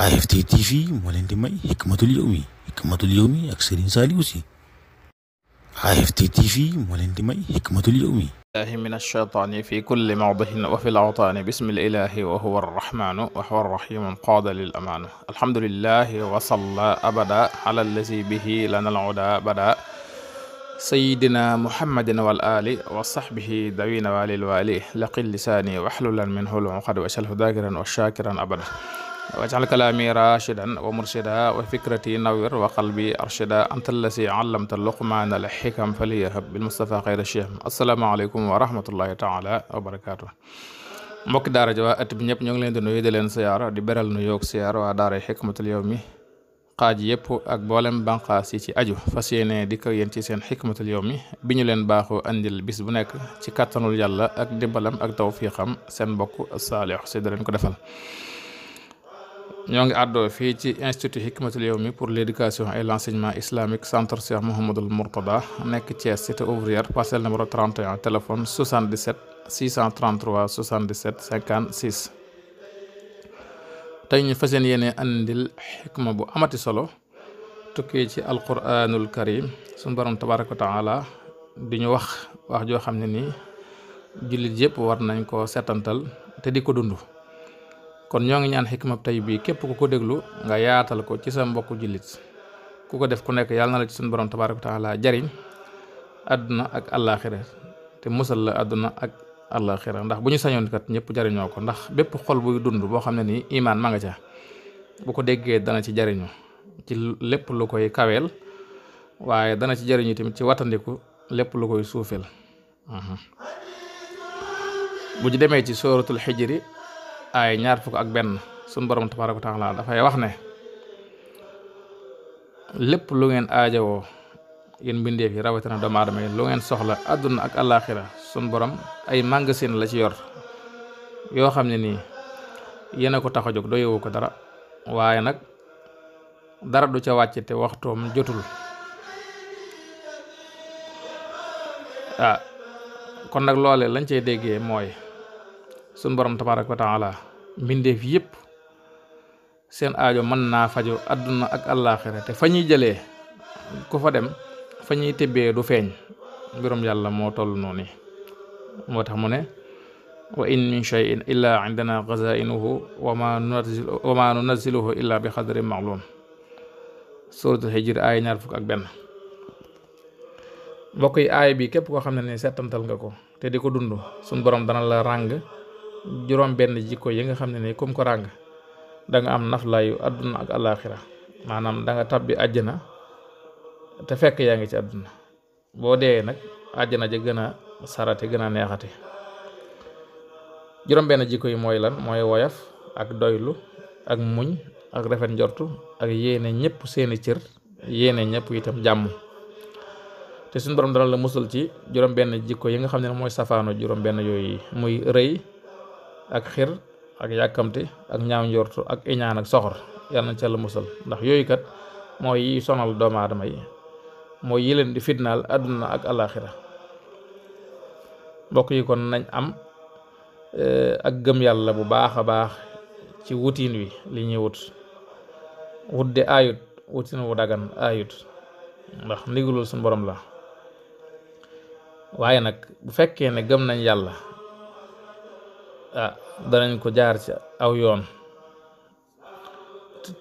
AFT TV moo leen di may Hikmatul Yawmi Hikmatul Yawmi ak Serigne Saliou Sy AFT TV moo leen di may Hikmatul Yawmi lahi min alshaytaani fi kulli mawdihin wa fi lawtaani bismi lilahi wa huwa arrahmanu wa huwa arrahimu qaada lil amaanu alhamdulilahi wa salla abada ala allazi bihi lana alhuda bada sayidina muhammadin wal ali wa sahbihi dawina walil wali laqil lisaani waxlulan min hulu qad wa shalhu daakiran wa shaakiran abada wajal kalaami rashidan wa mursida wa fikrati nawir wa qalbi arshida anta allasi allamta luqmaana al xikam faliyahab bil mustafa xayra shiham asalaamaaleykum wa rahmatullahi taala wa barakaatu mbokki daara ji waa bi ñëpp ñoo ngi leen di nuyu di leen siyaara di beral nu yoog siyaar waa daara xikmatul yawmi xaaj yëpp ak boolem banqaas yi ci aju fas yéene di ko yéen ci seen xikmatul yawmi bi ñu leen baaxoo andil bis bu nekk ci kàttanul yàlla ak dimbalam ak tawfiqam seen mbokk saalix si da ko defal ñoo ngi àddoo fii ci institut Hikmatul mi pour l'éducation et l'enseignement islamique centre Cheikh Mouhamadul Mourtada nekk Thiès cité ouvrière parcelle numéro 31 téléphone 77 633 77 56. tey ñu fas yéene andil xikma bu amati solo tukki ci alquranul karim suñu borom tabaraka wa taala di ñu wax wax joo xam ne nii jullit yëpp war nañ ko setantal te di ko dund. kon ñoo ngi ñaan xikmab tey bii képp ku ko déglu nga yaatal ko ci sa mbokku jullit ku ko def ku nekk yàlla na la ci suñu borom tabaaraka wa taala jariñ àdduna ak àllaaxira te musal la àdduna ak àllaaxira ndax bu ñu sañoon kat ñëpp jariñoo ko ndax bépp xol buy dund boo xam ne ni imaan ma nga ca bu ko déggee dana ci jariñu ci lépp lu koy kaweel waaye dana ci jariñu tamit ci watandiku lépp lu koy suufeel bu ñu demee ci sooratul xijiri ay ñaar fukk ak benn suñ borom tabaaraka wa taala dafay wax ne lépp lu ngeen aajowoo yéen mbindeef yi rawatina doomu aadama yi lu ngeen soxla àdduna ak àllaaxira suñ borom ay magasin la ci yor yoo xam ne nii yéen ko tax a jóg doyewu ko dara waaye nag dara du ca wàcc te waxtoom jotul ah, kon nag loole lañ cey déggee mooy suñu borom tabaaraka wa taala mbindeef yépp seen aajo mën naa fajo àdduna ak àllaaxira te fa ñuy jëlee ku fa dem fa ñuy tibbee du feeñ mbirum yàlla moo toll noonu moo tax mu ne wa in min cheyin illa indana xazainuhu wa ma nunaziluhu illa bi xadri maalum suratul hijr aay ñaar fukk ak benn mbokk yi aay bi képp koo xam ne ni settantal nga ko te di ko dund suñ borom dana la ràng juróom benn jikko yi nga xam ne ni kum ko da nga am naflaayu àdduna ak alaaxira maanaam danga nga tabbi àjjana te fekk yaa ngi ci àdduna boo dee nag àjjana ja gën a sarate gën a neexate juróom benn jikko yi mooy lan mooy woyaf ak doylu ak muñ ak rafet njortu ak yéene ñëpp seeni cër yéene ñëpp itam jàmm te suñu borom dana la musal ci juróom benn jikko yi nga xam ne mooy safaano juróom benn yooyu muy rëy ak xir ak yàkkamti ak ñaaw njortu ak iñaan ak soxor yal nañ ca la musal ndax yooyu kat mooy yi sonal doomu aadama yi mooy yi leen di fitnaal àdduna ak alaaxira mbokk yi kon nañ am eh, ak gëm yàlla bu baax a baax ci wutiin wi li ñuy wut wut de ayut wutin wu dagan aayut ndax ndigalul suñu borom la waaye nag bu fekkee ne gëm nañ yàlla Ah, danañ ko jaar ci aw yoon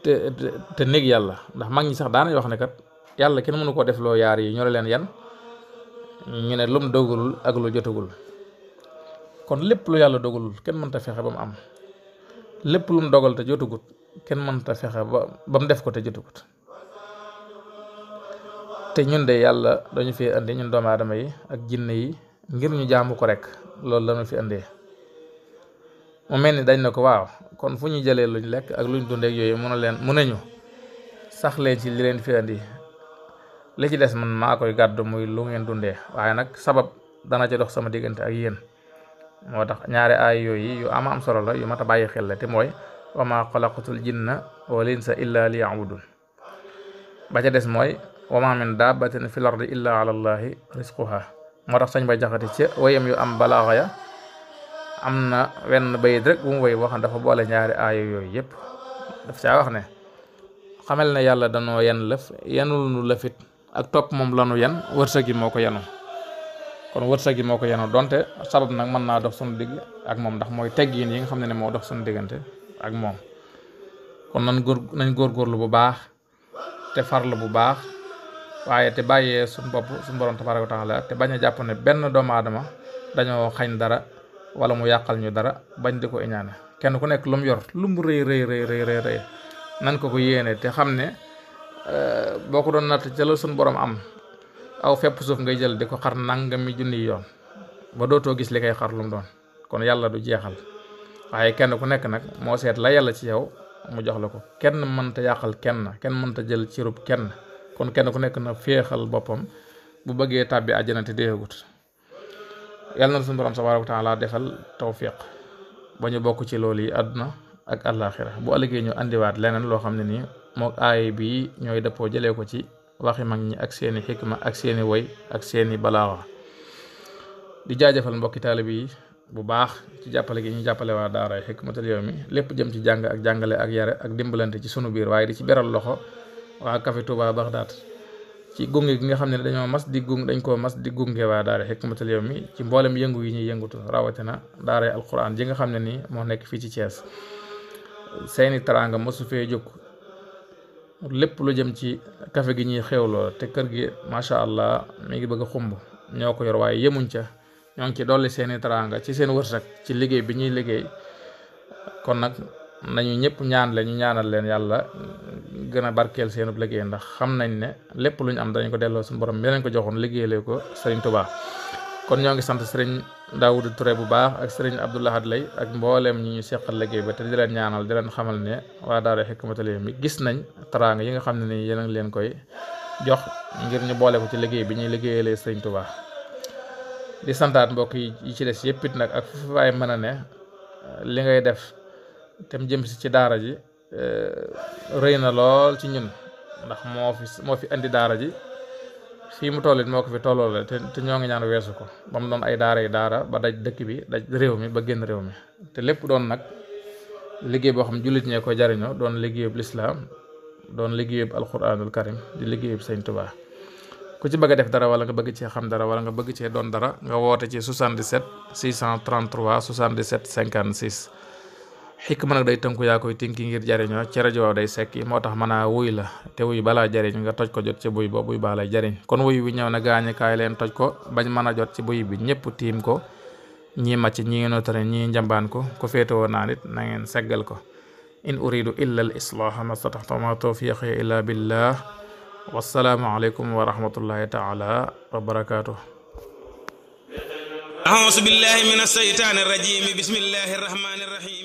te te néeg yàlla ndax mag ñi sax daanañ wax ne kat yàlla kenn mënu koo def loo yaar yi ñore leen yan ñu ne lum dogalul ak lu jotagul kon lépp lu yàlla dogalul kenn mënta fexe ba mu am lépp lum dogal te jotagut kenn mënta fexe ba ba mu def ko te jotagut te ñun de yàlla dañu fi indi ñun doomu aadama yi ak jinne yi ngir ñu jaamu ko rek loolu lañu fi indee mu mel ni dañ na ko waaw kon fu ñu jëlee luñ lekk ak luñ dundeek yooyu mun a leen mun nañu sax leen ci li leen fi li ci des man maa koy gàddu muy lu ngeen dundee waaye nag sabab dana ca dox sama diggante ak yéen moo tax ñaari aay yooyu yu ama am solo la yu mat a bàyyi xel la te mooy wa maa xalaqatul jinna wal insa illa liya'budun ba ca des mooy wa maa min daabatin fil ardi illa ala allahi moo tax sañ ba jaxati ci wayam yu am balaaxa ya am na wenn bayit rek bu mu way wax dafa boole ñaari aaya yooyu yëpp daf caa wax ne xamal ne yàlla danoo yan lëf yanul nu lëfit ak topp moom lanu yan wërsëg yi moo ko yanu kon wërsëg yi moo ko yanu donte sabab nag mën naa dox suñu digg ak moom ndax mooy teg yi nga xam ne ne moo dox suñu diggante ak moom kon nan góor nañ góorgóorlu bu baax te farlu bu baax waaye te bàyyee suñu bopp suñu borom tabaaraka wa taala te bañ a jàpp ne benn doomu aadama dañoo xañ dara wala mu yàqal ñu dara bañ di ko iñaane kenn ku nekk lu mu yor lu mu rëy rëy rëy rëy rëy nan ko ko yéene te xam ne euh, boo ko doon natt jëlal la suñ borom am aw fepp suuf ngay jël di ko xar nangami junniy yoon ba dootoo gis li koy xar lum doon kon yàlla du jeexal waaye kenn ku nekk nag moo seet la yàlla ci yow mu jox la ko kenn mënta yàqal kenn kenn mënta jël ci cirub kenn kon kenn ku nekk na féexal boppam bu bëggee tàbbi àjjana te déegut yàlla na suñu borom waa wa taala defal tawfiq ba ñu bokk ci lool yi àdduna ak àllaaxira bu ëllëgee ñu indiwaat leneen loo xam ne nii mook aay bi ñooy dëppoo jëlee ko ci waxi mag ñi ak seeni xikma ak seeni woy ak seeni balaawa di jaajëfal mbokki taalibe yi bu baax ci jàppale gi ñu jàppale waa daara daaray Hikmatul mi lépp jëm ci jàng ak jàngale ak yare ak dimbalante ci sunu biir waaye di ci beral loxo waa Café Touba Bagdad ci gunge gi nga xam ne dañoo mas di gung dañ koo mas di gunge waa daara Hikmatul Yawmi ci mboolem yëngu yi ñuy yëngutu rawatina daara alquran ji nga xam ne ni moo nekk fii ci Thiès seeni teraanga mosu fee jóg lépp lu jëm ci kafe gi ñuy xewloo te kër gi macha allah mi ngi bëgg a xumb ñoo ko yor waaye yemuñ ca ñoo ngi ci dolli seeni teraanga ci seen wërsëg ci liggéey bi ñuy liggéey kon nag nañu ñëpp ñaan la ñu ñaanal leen yàlla gën a barkeel seenub liggéey ndax xam nañ ne lépp lu ñu am dañ ko delloo suñu borom beneen ko joxoon liggéeyale ko Serigne Touba kon ñoo ngi sant Serigne Daoud ture bu baax ak sëriñ Abdou Lahad Lay ak mbooleem ñu ñu seqal liggéey ba te di leen ñaanal di leen xamal ne waa Daara Hikmatul Yawmi gis nañ taraanga yi nga xam ne nii yéen ngi leen koy jox ngir ñu boole ko ci liggéey bi ñuy liggéeyalee Serigne Touba di santaat mbokk yi ci des yëpp nag ak fu a ne li ngay def te mu jëm si ci daara ji euh, rëy na lool ci ñun ndax moo fi moo fi indi daara ji fii mu toll it moo ko fi tolloo la te ñoo ngi ñaan weesu ko ba mu doon ay daara yi daara ba daj dëkk bi daj réew mi ba génn réew mi te lépp doon nag liggéey boo xam jullit ñee koy jariñoo doon liggéeyub lislaam doon liggéeyub alquranul karim di liggéeyub sëñ Tuubaa ku ci bëgg a def dara wala nga bëgg cee xam dara wala nga bëgg cee doon dara nga woote ci 77 633 77 56 xikma nag day tënku yaa koy tinki ngir jariñoo ci rajo day sekki moo tax mën a wuy la te wuy balaa jariñ nga toj ko jot ci buy bo buy baa lay jariñ kon wuy wi ñëw na gaañi leen toj ko bañ mën a jot ci buy bi ñëpp tiim ko ñii màcc ñii notare ñii njambaan ko ku woon naa nit na seggal ko in uridu illa al islaaha mastataxtama tawfiqi illa billah wassalaamu aleykum wa rahmatullahi wa barakatuh أعوذ بالله من الشيطان الرجيم بسم